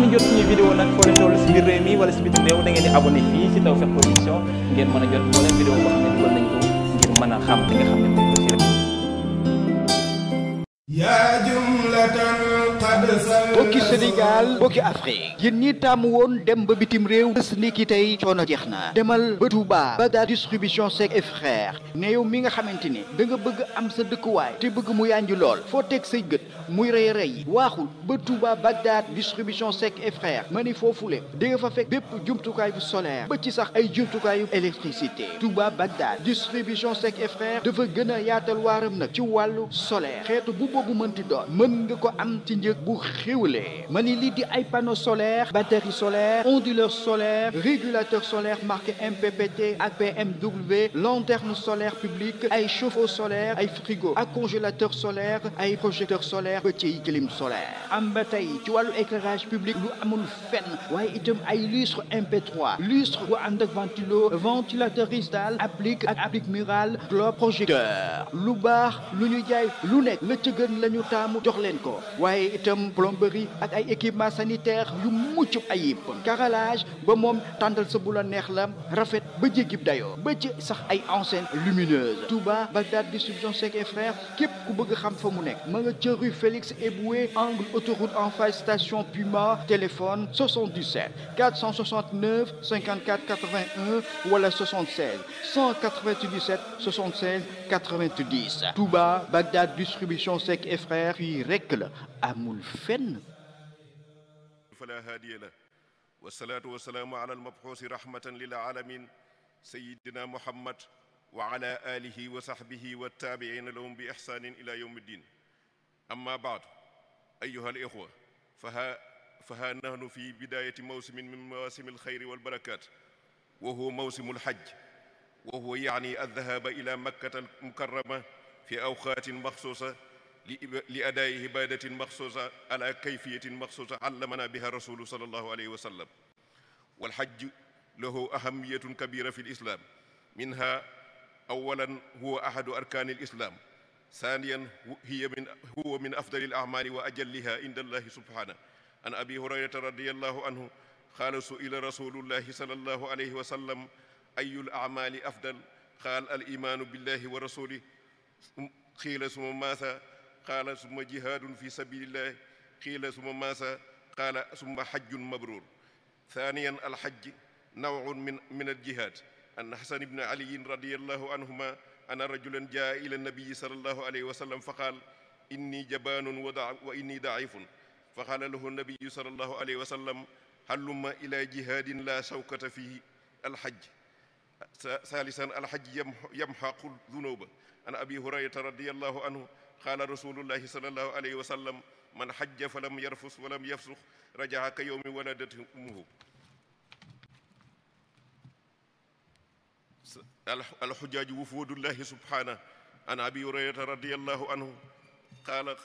ngeen jot suñu vidéo nag foo leen toll si biir réew wala si biti réew da ngeen di abonné fii si Tawfekh Production ngeen mën a jot moo leen vidéo xam ne dugal nañ ko ngir mën a xam nga xam bokki Sénégal bokki Afrique yéen ñi tàmm woon dem ba bitim réew bés ni ki tey coono jeex na demal ba Touba Bagdad distribution Seck et frère ne yow mi nga xamante ni da nga bëgg am sa dëkkuwaay te bëgg mu yànj lool foo teg say gët muy rey rey yi waaxul ba Touba Bagdad distribution Seck et frère ma ni foofule di nga fa fekk bépp jumtukaay bu solaire ba ci sax ay jumtukaayu électricité Touba Bagdad distribution Seck et frère dafa gën a yaatal waaram nag ci wàllu solaire xeetu bu boobu bu xéwlee ma ni lii di ay panneau solaire batterie solaire onduleur solaire régulateur solaire marqué MPPT APMW lanterne solaire publique ay chauffe-eau solaire ay frigo ak congélateur solaire ay projecteur solaire petit clim solaire am ba tey ci wàllu éclairage public lu amul fenn waaye itam ay lustre MP3 lustre bu ànd ak ventilo ventilateur cristal applique ak applique murale globe projecteur lu baax lu ñu jaay lu nekk la ca gën la ñu taamu jox leen ko itam plomberie ak ay équipement sanitaire yu mucc ayib carrelage ba moom tàndal sa bu la neex la rafet ba jéggib dayoo ba ci sax ay enseignes lumineuses Touba Bagdad distribution Seck et frères képp ku bëgg xam fa mu nekk ma nga ca rue Félix Eboué angle autoroute en face station Puma téléphone 77 469 54 81 wala 76 197 76 90 Touba Bagdad distribution Seck et frères fii rekk la amul fenn fala haadiya la wasalaatu wasalaamu ala almabxuusi rahmatan lil alamin sayidina muhammad wa ala alihi wa sahbihi wa taabiina lahum bi ixsaanin ila yowm ddin amma baadu ayuha alixwa faha faha nahnu fi bidayati mawsimin min mawasimi alxayri walbarakat wa huwa mawsimu alxaj wa huwa yaani aldahaba ila makkata almukarrama fi awqaatin maxsuusa li adaayi ibadatin maxsuusa ala kayfiyatin maxsuusa allamana biha rasulu sal allahu alayhi wa sallam walxajj lahu ahamiyatun kabira fi lislaam minha awalan huwa ahadu arkaani lislaam saaniyan hiya min huwa min afdali alacmaali wa ajalliha inda allahi subhaana an abi hurayrata radiallahu anhu qaala su'ila rasulullahi sal allahu alayhi wa sallam ayu alacmaali afdal qaal alimaanu billahi wa rasulih qiila suma maasa qaala summa jihaadun fi sabilillah qiila summa maasa qaala summa xajjun mabruur thaniyan alxajj nawun min min aljihaad an xasan ibni aliyin radiallahu anhuma anna rajulan jaa ila nabiyi sallallahu alayhi wa sallam fa qaal inni jabaanun wa inni daifun fa qaala lahu nabiyu sallallahu alayhi wa sallam hallumma ila jihaadin la sawkata fihi alxajj saalisan alxajj yamxaqu dunuba an abi hurayrata radiallahu anhu qaala rasulullahi sallallahu alayhi wa sallam man xajja fa lam yarfus walam yafsux rajaa ka yowmi waladat umuhu alxujaaju wufuudullahi subhaana an abi hurayrata radiallahu anhu qaala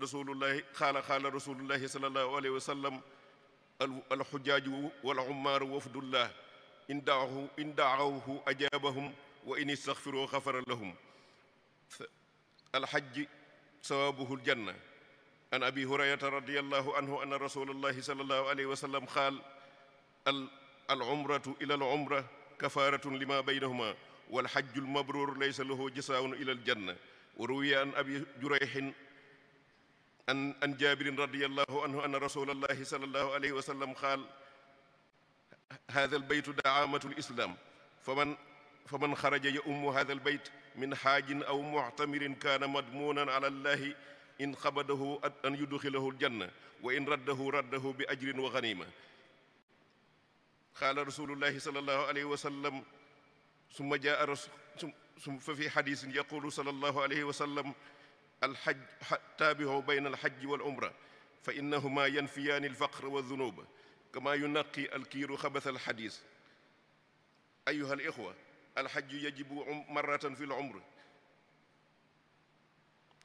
rasulullahi qaala qaala rasulullahi sallallahu alayhi wa sallam alxujaaju walumaaru wafdullah in daahu in daawhu ajaabahum wa in istaxfiroo xafara lahum alxajji sawaabuhul janna an abi hurayrata radiyallahu anhu anna rasulallahi sallallahu alayhi wa sallam qaal al al umratu ila al umra kafaaratun lima baynahuma wal xajjul mabruur laysa lahu jasaaun ila al janna wa ruwiya an abi jurayhin an an jaabirin radiyallahu anhu anna rasulallahi sallallahu alayhi wa sallam qaal haadha al baytu daamatul islaam faman faman xaraja ya ummu haadha al bayt min xaajin aw muctamirin kaana madmuunan ala llaahi in xabadahu an yudxilahu aljanna wa in raddahu raddahu bi ajrin wa ganima qaala rasulullahi sallallahu alayhi wa sallam summa jaa rasu sum fa fi xadisin yaqulu sallallahu alayhi wa sallam alxaj taabihu bayna alxajji wal umra fa innahuma yanfiyaani alfaqra wa dunuba kama yunaqi alkiiru xabasa alxadis ayuha alixwa alxajju yajibu um, marratan fi l umr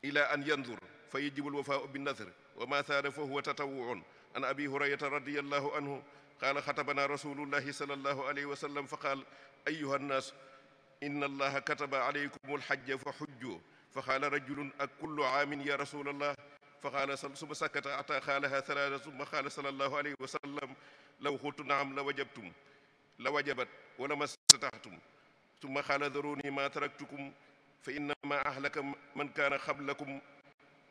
ila an yandur fa yajibu alwafaau binnadr wa ma saada fa huwa tatawuun an abi hurayrata radiallahu anhu qaala xatabana rasulullahi sal allahu alayhi wa sallam fa qaal ayuha annaas inna allaha kataba alaykum alxajja fa xujju fa qaala rajulun ak kullu aamin ya rasulallah fa qaala suma sakata ata qaalaha talaata suma qaala sal allahu alayhi wa sallam law xultu naam la wajabtum la wajabat wala ma stataxtum summa xaala daruni ma taraktukum fa innama ahlaka man kaana xablakum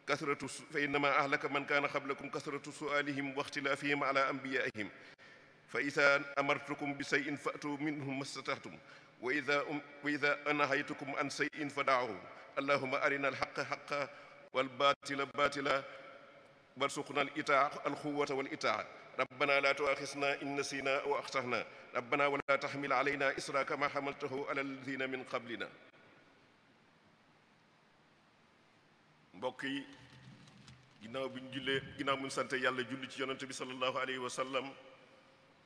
kasratu fa innama ahlaka man kaana xablakum kasratu sualihim wa ixtilaafihim ala ambiyaihim fa ida amartukum bi sheyin fatu minhu mastatahtum wa ida um-, wa ida anahaytukum an sheyin fa daahu allahuma arina alxaqa xaqa walbatila batila warsuqna al itaa alquwata wal itaa ربنا لا تؤاخذنا إن نسينا أو أخطأنا ربنا ولا تحمل علينا إسرا كما حملته على الذين من قبلنا mbokk yi ginnaaw bi ñu jullee ginnaaw bi ñu sant yàlla julli ci yonent bi sallallahu alayhi wa sallam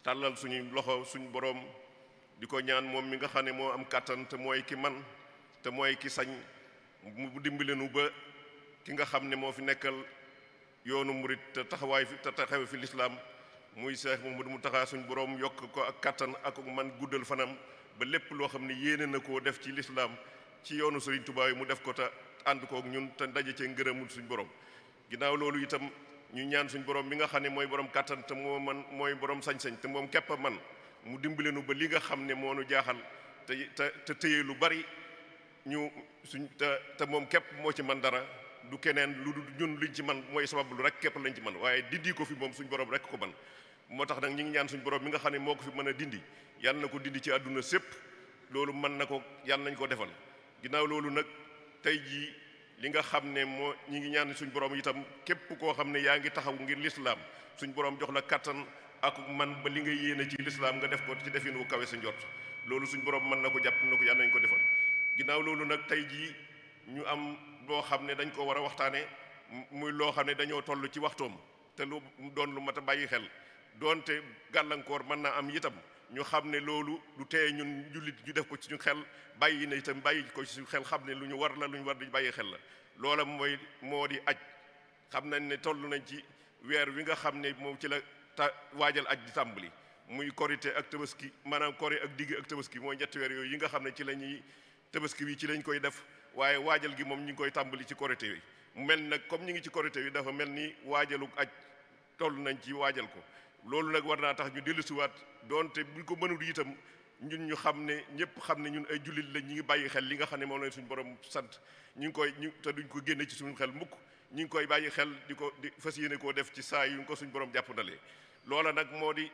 tàllal suñu loxo suñu boroom di ko ñaan moom mi nga xam ne moo am kàttan te mooy ki man te mooy ki sañ mu dimbali nu ba ki nga xam ne moo fi nekkal yoonu murit te taxawaay fi te taxawe fi lislaam muy Cheikh mu Mountakha suñu borom yokk ko ak kattan ak man guddal fanam ba lépp loo xam ne yéene na koo def ci lislaam ci yoonu Serigne Touba yi mu def ko te ànd kook ñun te ndaje cee ngërëmul suñ borom ginnaaw loolu itam ñu ñaan suñu borom bi nga xam ne mooy borom kattan te moo man mooy boroom sañ-sañ te moom képp a man mu dimbale nu ba li nga xam ne moo nu jaaxal te te te lu bari ñu suñ te te moom képp moo ci man dara du keneen lu ñun luñ ci man mooy sabab lu rek képp lañ ci man waaye dindi ko fi moom suñ borom rek ko man moo tax nag ñu ngi ñaan suñ borom mi nga xam ne moo a dindi yàlla na ko dindi ci àdduna sépp loolu mën na ko yàlla nañ ko defal ginnaaw loolu nag tey jii li nga xam ne moo ñi ngi ñaan suñ borom itam képp koo xam ne yaa ngi taxaw ngir lislaam suñ borom jox na kattan ak man ba li nga yéene ci lislaam nga def ko ci defin wu kawe sa njort loolu suñ borom mën na ko jàpp na ko yàlla nañ ko defal ginnaaw loolu nag tey jii ñu am boo xam ne dañ ko war a waxtaane muy loo xam ne dañoo toll ci waxtoom te lu doon lu mat a bàyyi xel doonte gàllankoor mën naa am itam ñu xam ne loolu lu tee ñun jullit ñu def ko ci suñu xel bàyyi na itam bàyyi ko ci suñu xel xam ne lu ñu war la lu ñu war di bàyyi xel la loola mooy moo di aj xam nañ ne toll nañ ci weer wi nga xam ne moom ci la ta waajal aj di tàmbali muy korité ak tabaski maanaam kori ak digg ak tabaski mooy ñetti weer yooyu yi nga xam ne ci la ñuy tabaski bi ci lañ koy def waaye waajal gi moom ñu ngi koy tàmbali ci korité yi mu mel nag comme ñu ngi ci korité yi dafa mel ni waajalu aj tollu nañ ci waajal ko loolu nag war naa tax ñu dellusiwaat doonte bu ko mënul itam ñun ñu xam ne ñëpp xam ne ñun ay jullit la ñu ngi bàyyi xel li nga xam ne moom lañ suñu borom sant ñu ngi koy ñu te duñ ko génne ci suñu xel mukk ñu ngi koy bàyyi xel di ko di fas yéene koo def ci saa yu ngi ko suñu borom jàpp dale loola nag moo di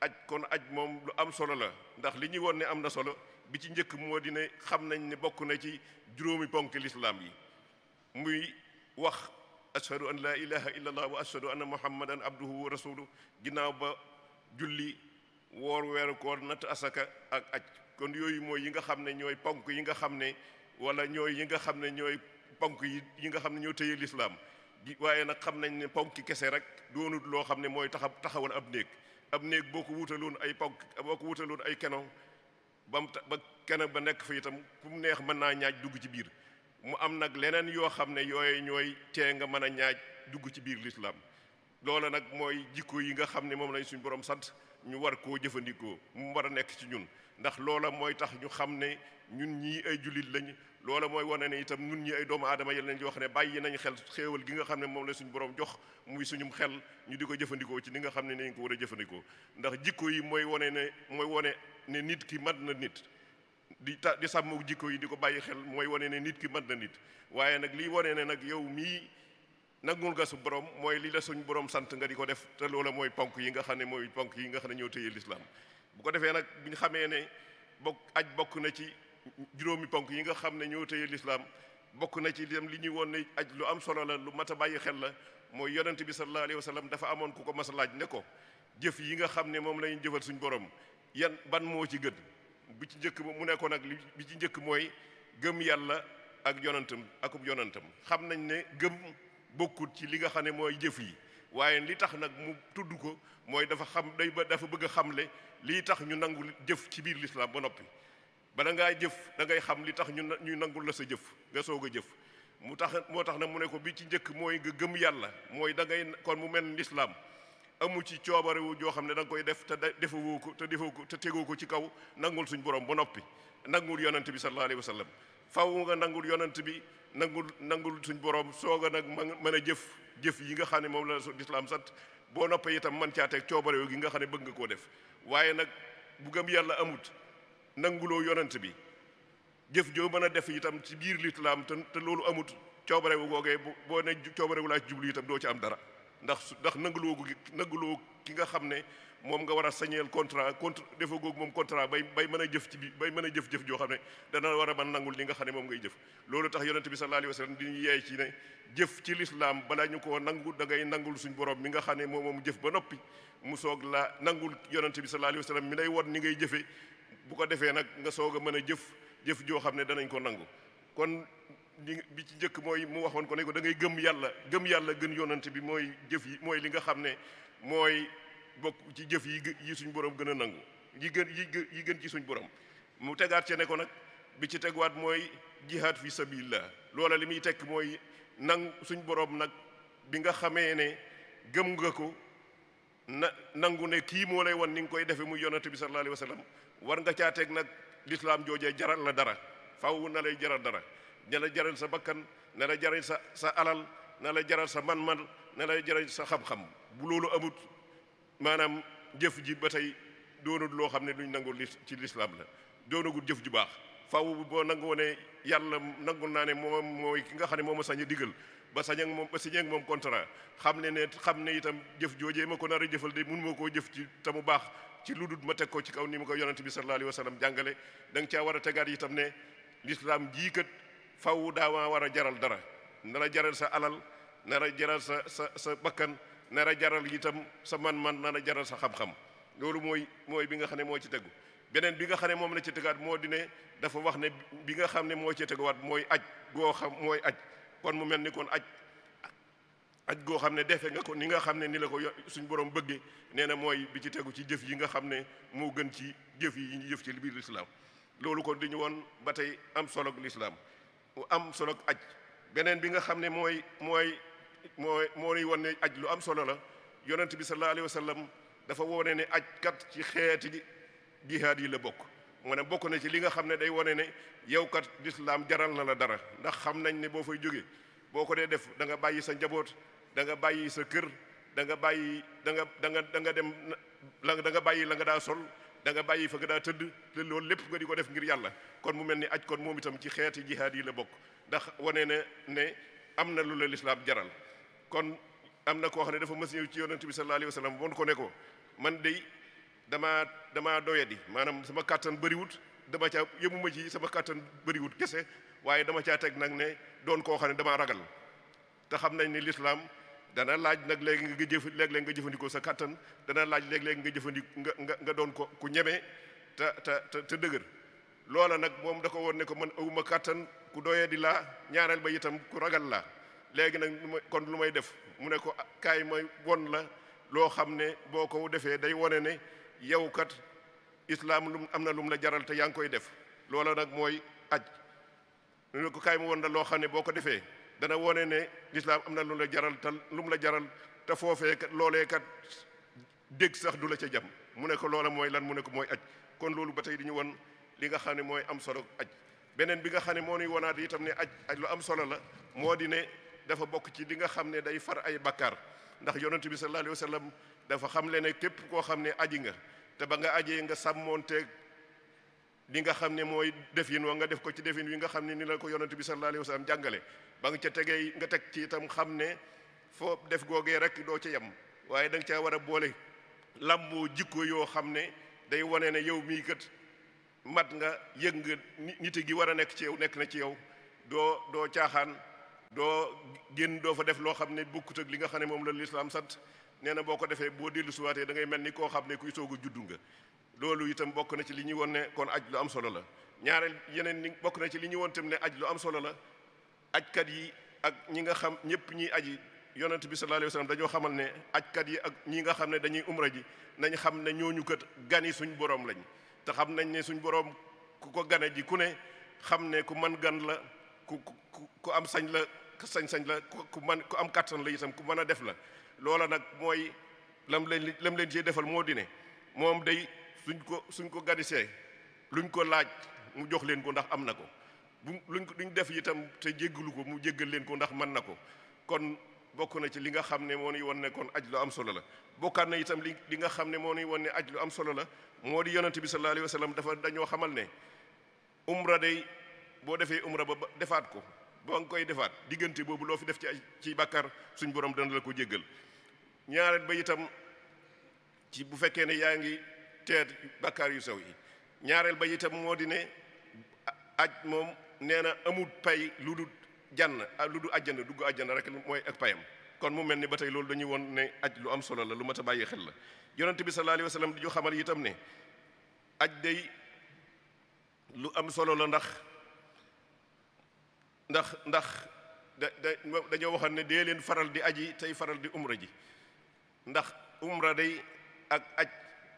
aj kon aj moom lu am solo la ndax li ñuy woon ne am na solo bi ci njëkk moo di ne xam nañ ne bokk na ci juróomi ponk lislaam yi muy wax ashadu an laa ilaha illa allah wa ashadu anna muhammadan abduhu wa rasuluhu ginnaaw ba julli woor weeru koor natt ak aj kon yooyu mooy yi nga xam ne ñooy ponk yi nga xam ne wala ñooy yi nga xam ne ñooy ponk yi yi nga xam ne ñoo tëye lislaam waaye nag xam nañ ne ponk kese rek doonut loo xam ne mooy taxa taxawal ab néeg ab néeg boo ko wutaloon ay ponk boo ko wutaloon ay keno ba mu tax ba keneen ba nekk fa itam ku mu neex mën naa ñaaj dugg ci biir mu am nag leneen yoo xam ne yooyu ñooy tee nga mën a ñaaj dugg ci biir lislaam loola nag mooy jikko yi nga xam ne moom lañ suñu borom sant ñu war koo jëfandikoo mu war a nekk ci ñun ndax loola mooy tax ñu xam ne ñun ñii ay jullit lañ loola mooy wane ne itam ñun ñi ay doomu aadama yi lañ yoo xam ne bàyyi nañ xel xéewal gi nga xam ne moom la suñu borom jox muy suñum xel ñu di ko jëfandikoo ci li nga xam ne nañ ko war a jëfandikoo ndax jikko yi mooy wane ne mooy wane ne nit ki mat na nit di ta di sàmm jikko yi di ko bàyyi xel mooy wane ne nit ki mat na nit waaye nag liy wane ne nag yow mii nangul nga su borom mooy li la suñ borom sant nga di ko def te loola mooy ponk yi nga xam ne mooy ponk yi nga xam ne ñoo téye lislaam bu ko defee nag bu ñu xamee ne bokk aj bokk na ci juróomi ponk yi nga xam ne ñoo téye bokk na ci dem li ñuy won ne aj lu am solo la lu mat a bàyyi xel la mooy yonent bi sallallahu alayhi wa sallam dafa amoon ku ko mas a laaj ne ko jëf yi nga xam ne moom lañu jëfal suñ boroom yan ban moo ci gën bi ci njëkk mu nekkoon ak bi ci njëkk mooy gëm yàlla ak yonantam akub yonantam xam nañ ne gëm bokkut ci li nga xam ne mooy jëf yi waaye li tax nag mu tudd ko mooy dafa xam day ba dafa bëgg a xamle lii tax ñu nangu jëf ci biir lislaam ba noppi bala ngaa jëf da ngay xam li tax ñu ñu nangul la sa jëf nga soog a jëf mu tax moo tax nag mu ne ko bi ci njëkk mooy nga gëm yàlla mooy da ngay kon mu mel lislaam amu ci coobarewu joo xam ne danga koy def te defewoo ko te defoo ko te tegoo ko ci kaw nangul suñ borom ba noppi nangul yonent bi sallallahu alayhi wa sallam faw nga nangul yonent bi nangul nangul suñ borom soog a nag mën a jëf jëf yi nga xam ne moom la soo lislaam sat boo noppee itam man caa teg coobarewu gi nga xam ne bëgg nga koo def waaye nag bu gëm yàlla amut nanguloo yonent bi jëf joo mën a def itam ci biir lislaam te te loolu amut coobarewu googee boo ne coobarewu laa ci jublu itam doo ci am dara ndax su ndax nanguloo nanguloo ki nga xam ne moom nga war a sañeel contrat contre defoo googu moom contrat bay bay mën a jëf ci bi bay mën a jëf joo xam ne dana war a mën nangul li xam ne moom ngay jëf loolu tax yonente bi sallallahu alayhi wasallam di ñu yeey ci ne jëf ci lislaam balaa ñu koo nangu da ngay nangul suñ borom mi nga xam ne moom moom jëf ba noppi mu soog la nangul yonente bi sallallahu alayhi wasallam mi lay won ni ngay jëfee bu ko defee nag nga soog a mën a jëf jëf joo xam ne danañ ko nangu kon li bi ci njëkk mooy mu waxoon ko ne ko da ngay gëm yàlla yàlla gën yonante bi mooy jëf yi mooy li nga xam ne mooy bokk ci jëf yi yi suñ borom gën a nangu yi gën yi gën ci suñ borom mu tegaat ci ne ko nag bi ci teguwaat mooy jihaad fi sabilillah loola li muy tekk mooy nang suñ borom nag bi nga xamee ne gëm nga ko na nangu ne kii moo lay wan ni nga koy defee muy yonante bi sallallahu alayhi wa sallam war nga caa teg nag lislaam joojee jaral la dara faw na lay jaral dara na la jaral sa bakkan na la jaral sa sa alal na la jaral sa man-man na la jaral sa xam-xam bu loolu amut maanaam jëf ji ba tey doonul loo xam ne luñ nangu ci lislaam la doonagul jëf ju baax faw boo nangoo ne yàlla nangul naa ne moom mooy ki nga xam ne moom a sañ a digal ba sañ ak moom ba sañ moom contrat xam ne ne xam ne itam jëf joojee ma ko nar a jëfal de mun moo koo jëf ci te mu baax ci lu dul ma teg ko ci kaw ni ma ko yonent bi sallallahu alayhi wa sallam jàngale da nga caa war a tegaat itam ne lislaam jii kat faw daamaa war a jaral dara nara jaral sa alal nara jaral sa sa sa bakkan nara jaral itam sa man-man a jaral sa xam-xam loolu mooy mooy bi nga xam ne moo ci tegu beneen bi nga xam ne moom la ci tegaat moo di dafa wax ne bi nga xam ne moo ci teguwaat mooy aj goo xam mooy aj kon mu mel ni kon aj aj goo xam ne defe nga ko ni nga xam ne ni la ko suñ borom bëggee nee na mooy bi ci tegu ci jëf yi nga xam ne moo gën ci jëf yi ñu jëf ci biir lislaam loolu kon di ñu woon ba tey am solo lislaam bu am solo aj beneen bi nga xam ne mooy mooy mooy moo nuy won ne aj lu am solo la yonent bi sallallahu alayhi wa sallam dafa wone ne aj kat ci xeeti jihaad yi la bokk mu ne bokk na ci li nga xam ne day wane ne yow kat lislaam jaral na la dara ndax xam nañ ne boo fay jógee boo ko dee def da nga bàyyi sa njaboot danga bàyyi sa kër da nga bàyyi da nga da da nga dem la danga bàyyi la nga daa sol da nga bàyyi fa nga daa tëdd te loolu lépp nga di ko def ngir yàlla kon mu mel ni aj kon moom itam ci xeeti jihaad yi la bokk ndax wane ne ne am na lu la lislaam jaral kon am na koo xam ne dafa masin ñëw ci yonent bi sallallahu alayhi wa sallam woon ko ne man de damaa damaa doyadi maanaam sama kàttan bëriwut dama ca yëmuma ci sama kàttan bëriwut kese waaye dama caa teg nag ne doon koo xam ne damaa ragal te xam nañ ne lislaam dana laaj nag léegi nga jëf léeg-léeg nga jëfandikoo sa kattan dana laaj léeg-léeg nga jëfandik nga nga nga doon ko ku ñeme te te dëgër loola nag moom da ko won ne ko man awuma kattan ku doyee di laa ñaareel ba itam ku ragal laa léegi nag kon lu may def mu ne ko ah, kaay ma won la loo xam ne boo ko defee day wone ne yow kat islaam lum am na lum la jaral te yaa ngi koy def loola nag mooy aj mu ne ko kaay ma won la loo xam ne boo ko defee dana wone ne lislaam am na lu la jaral ta lu la jaral te foofee kat loolee kat dégg sax du la ca jam mu ne ko loola mooy lan mu ne ko mooy aj kon loolu ba tey di ñu li nga xam ne mooy am solo aj beneen bi nga xam ne moo nuy wonaat itam ne aj aj am solo la moo di ne dafa bokk ci li nga xam ne day far ay bakkaar ndax yonent bi sallallahu alayhi wa dafa xam le ne képp koo xam ne aji nga te ba nga ajee nga sàmmoonteeg li nga xam ne mooy defin wa nga def ko ci defin wi nga xam ne ni la ko yonent bi sallallahu alayhi wa sallam jàngale ba nga ca tegee nga teg ci itam xam ne foo def googee rek doo ca yem waaye danga nga caa war a boole làmboo jikko yoo xam ne day wane ne yow mii kat mat nga yëg nga nit gi war a nekk ci yow nekk na ci yow doo doo caaxaan doo génn doo fa def loo xam ne bokkut ak li nga xam ne moom la lislaam sant nee na boo ko defee boo dellu suwaatee da ngay mel ni koo xam ne kuy soog a juddu loolu itam bokk na ci li ñuy won ne kon aj lu am solo la ñaareel yeneen ni bokk na ci li ñuy won tam ne aj lu am solo la aj kat yi ak ñi nga xam ñëpp ñiy aji yonent bi sallallahu alayhi wasallam dañoo xamal ne ajkat yi ak ñi nga xam ne dañuy umra ji nañ xam ne ñooñu kat gani suñ borom lañ te xam nañ ne suñ borom ku ko gane ji ku ne xam ne ku man gan la ku ku am sañ la sañ-sañ la ku man ku am kattan la itam ku mën a def la loola nag mooy lam leen lam leen ciy defal moo di moom day suñ ko suñ ko ganisee luñ ko laaj mu jox leen ko ndax am na ko bu luñ ko duñ def itam te jéggalu ko mu jéggal leen ko ndax mën na ko kon bokk na ci li nga xam ne moo nuy wan ne kon aj lu am solo la bokkaat na itam li li nga xam ne moo nuy wan ne aj lu am solo la moo di yonent bi sallallahu alayhi wa sallam dafa dañoo xamal ne umra day boo defee umra ba defaat ko ba nga koy defaat diggante boobu loo fi def ci ci bakkar suñ boroom dana la ko jéggal ñaareel ba itam ci bu fekkee ne yaa ngi teer bakkaar yu sew yi ñaareel ba itam moo di ne aj moom nee na amul pay lu du jànn ah, lu du àjjana dugg àjjana rek mooy ak payam kon mu mel ni ba tey loolu dañuy won ne aj lu am solo la lu ma a bàyyi xel la yonent bi sallallahu alayhi wa sallam di ñu xamal itam ne aj lu am solo la ndax ndax ndax dañoo waxoon ne dee leen faral di aji tey faral di umra ji ndax umra day ak aj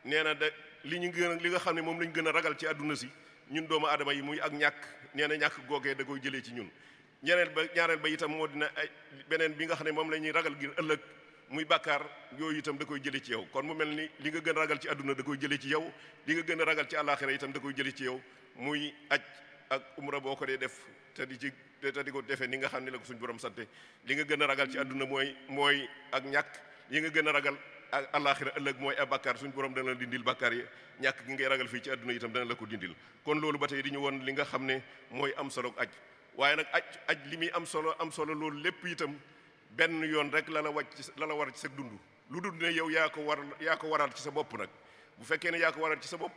nee na de li ñu gën a li nga xam ne moom la ñu gën a ragal ci àdduna si ñun doomu aadama yi muy ak ñàkk nee ñàkk googee da koy jëlee ci ñun ñeneen ba ñaareel ba itam moo dina ay beneen bi nga xam ne moom la ñuy ragal gi ëllëg muy bàkkaar yooyu itam da koy jëlee ci yow kon mu mel ni li nga gën a ragal ci àdduna da koy jëlee ci yow li nga gën a ragal ci àllaaxira itam da koy jëlee ci yow muy aj ak umra boo ko dee def te di ci di ko defee ni nga xam ne la ko suñ borom sante li nga gën a ragal ci àdduna mooy mooy ak ñàkk li nga gën a ragal àllaaxira ëllëg mooy ab bàkkaar suñ borom dana la dindil bàkkaar yi ñàkk gi ngay ragal fii ci àdduna itam dana la ko dindil kon loolu ba tey di ñu woon li nga xam ne mooy am solo aj waaye nag aj aj li muy am solo am solo loolu lépp itam benn yoon rek la la wàcc la la war ci sa dund lu dund ne yow yaa ko war yaa ko waral ci sa bopp nag bu fekkee ne yaa ko waral ci sa bopp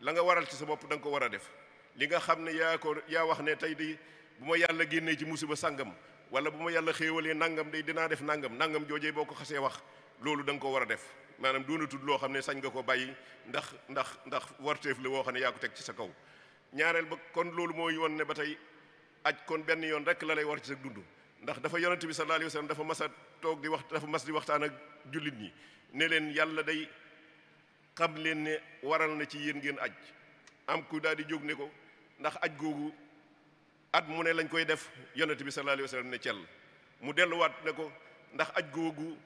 la nga waral ci sa bopp da nga ko war a def li nga xam ne yaa ko yaa wax ne tey di bu ma yàlla génnee ci musiba sàngam wala bu ma yàlla xéewalee nangam day dinaa def nangam nangam joojee boo ko xasee wax loolu da nga ko war a def maanaam doonatul loo xam ne sañ nga ko bàyyi ndax ndax ndax warteef la woo xam ne yaa ko teg ci sa kaw ñaareel ba kon loolu mooy won ne ba tey aj kon benn yoon rek la lay war ci sa dund ndax dafa yonente bi sa alayhi wasallam dafa mas a toog di wax dafa mas di waxtaan ak jullit ñi ne leen yàlla day xam leen ne waral na ci yéen ngeen aj am ku daal di jóg ne ko ndax aj googu at mu ne lañ koy def yonente bi sallallahu alayhi wasallam ne cell mu delluwaat ne ko ndax aj googu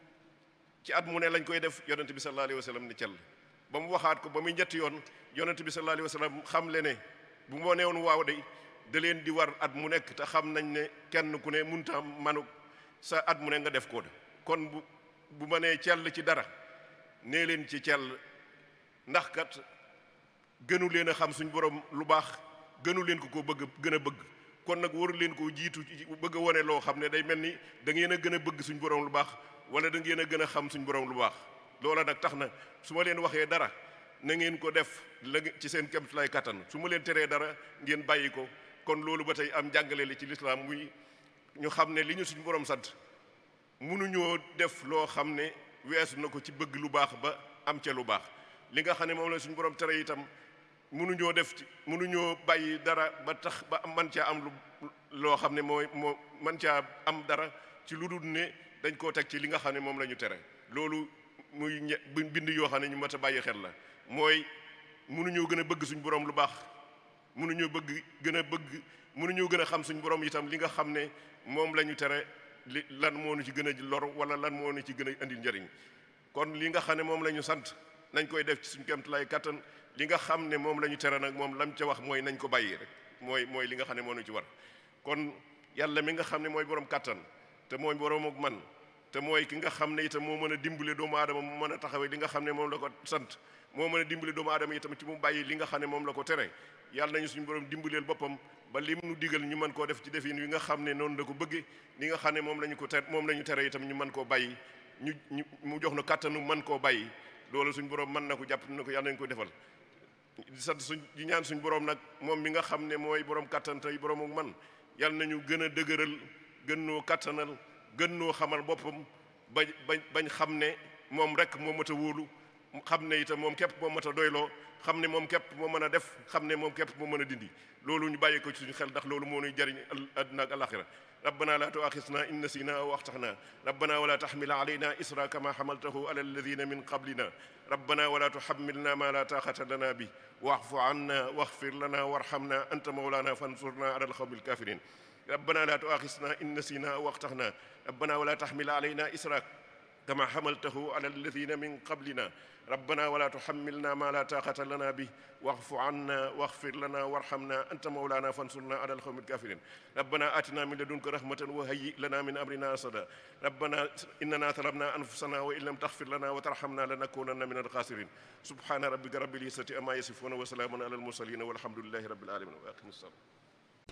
ci at mu ne lañ koy def yonent bi sallallahu alayhi wa sallam ni cell ba mu waxaat ko ba muy ñetti yoon yonent bi sallallahu alayhi wa sallam xam le ne bu moo neewoon waaw day da leen di war at mu nekk te xam nañ ne kenn ku ne munta manu sa at mu ne nga def ko de kon bu bu ma nee cell ci dara nee leen ci cell ndax kat gënu leen a xam suñ borom lu baax gënu leen ko ko bëgg gën a bëgg kon nag waru leen koo jiitu bëgg a wone loo xam ne day mel ni da ngeen a gën a suñ borom lu baax wala da ngeen a gën a xam suñ borom lu baax loola nag tax na su ma leen waxee dara na ngeen ko def la ci seen kémt lay kattan su ma leen teree dara ngeen bàyyi ko kon loolu ba tey am jàngale li ci lislaam muy ñu xam ne li ñu suñ borom sant mënuñoo def loo xam ne weesu na ko ci bëgg lu baax ba am ca lu baax li nga xam ne moom la suñu borom tere itam munuñoo def ci mënuñoo bàyyi dara ba tax ba man caa am lu loo xam ne mooy moo man caa am dara ci lu dul ne dañ koo teg ci li nga xam ne moom la ñu tere loolu muy bind yoo xam ne ñu mat a bàyyi xel la mooy mënuñoo gën a bëgg suñu borom lu baax mënuñoo bëgg gën a bëgg mënuñoo gën a xam suñu borom itam li nga xam ne moom la ñu tere li lan moo nu ci gën a lor wala lan moo nu ci gën a indil njëriñ kon li nga xam ne moom la ñu sant nañ koy def ci suñu kéemtalaay kattan li nga xam ne moom la ñu tere nag moom lam ca wax mooy nañ ko bàyyi rek mooy mooy li nga xam ne moo nu ci war kon yàlla mi nga xam ne mooy borom kattan te mooy borom man. te mooy ki nga xam ne itam moo mën a dimbale doomu aadama mu mën a taxawee li nga xam ne moom la ko sant moo mën a dimbale doomu aadama itam ci mu bàyyi li nga xam ne moom la ko tere yàlla nañu suñu borom dimbaleel boppam ba lim nu digal ñu mën koo def ci defin wi nga xam ne noonu la ko bëggee li nga xam ne moom la ko te moom la ñu tere itam ñu mën koo bàyyi ñu mu jox na kàttanu mën koo bàyyi loolu suñu borom mën na ko jàpp na ko yàlla nañu ko defal di sant suñ di ñaan suñu borom nag moom mi nga xam ne mooy borom kàttan tey borom ak man yàlla nañu gën a dëgëral gën noo kàttanal gën noo xamal boppam bañ bañ bañ xam ne moom rek moo mat woolu wóolu xam ne itam moom képp moo mat a doyloo xam ne moom képp moo mën a def xam ne moom képp moo mën a dindi loolu ñu bàyyi ko ci suñu xel ndax loolu moo ñuy jariñ àdduna ak alaxira rabbana la tuaxisna in nasina aw axtaxna rabbana wala taxmil alayna isra kama xamaltahu ala alladina min qablina rabbana wala tuxamilna ma la taaxata lana bi waxfu anna waxfir lana warxamna anta mawlana fansurna ala alxawmi alkafirin ربنا لا تؤاخذنا إن نسينا أو أخطأنا ربنا ولا تحمل علينا إسرا كما حملته على الذين من قبلنا ربنا ولا تحملنا ما لا طاقة لنا به واعف عنا واغفر لنا وارحمنا أنت مولانا فانصرنا على القوم الكافرين ربنا آتنا من لدنك رحمة وهيئ لنا من أمرنا رشدا ربنا إننا ظلمنا أنفسنا وإن لم تغفر لنا وترحمنا لنكونن من الخاسرين سبحان ربك رب العزة عما يصفون وسلام على المرسلين والحمد لله رب العالمين وأقم الصلاة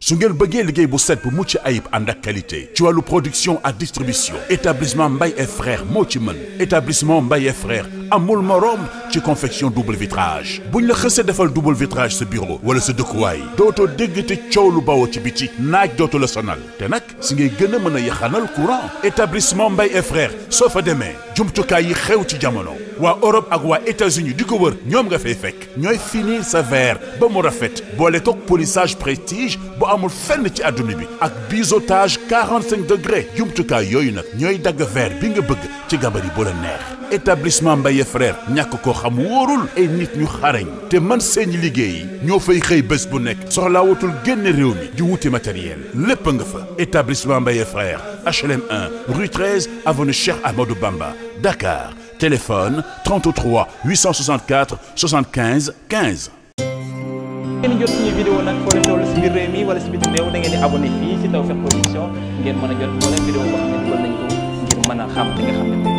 su ngeen bëggee liggéey bu set bu mucc ayib ànd ak qualité ci wàllu production a distribution établissement mbay et frères moo ci mën établissement mbay et frères amul morom ci confection double vitrage buñ la xësee defal double vitrage sa bureau wala sa dëkkuwaay dootoo dégg te coow lu bawoo ci biti naaj dootu la sonal te nag si ngay gën a mën a yaxanal courant établissement Mbaye et frères soo fa demee jumtukaay yi xew ci jamono waa Europe ak waa États-Unis di ko wër ñoom nga fay fekk ñooy finir sa ver ba mu rafet boole kook polissage prestige bu amul fenn ci àdduna bi ak biseautage 45 degrés jumtukaay yooyu nag ñooy dagg verre bi nga bëgg. ci gabari bu la neex établissement Mbaye frère ñàkk koo xam wóorul ay nit ñu xarañ te man seeni liggéey ñoo fay xëy bés bu nekk soxlaa wutul génne réew mi di wuti matériel lépp nga fa établissement Mbaye frère HLM 1 rue 13 avenue Cheikh Amadou Bamba Dakar téléphone 33 864 75 15. ngeen jot suñu da ngeen di a jot moo leen vidéo boo xam ne mën a xam nga xam ne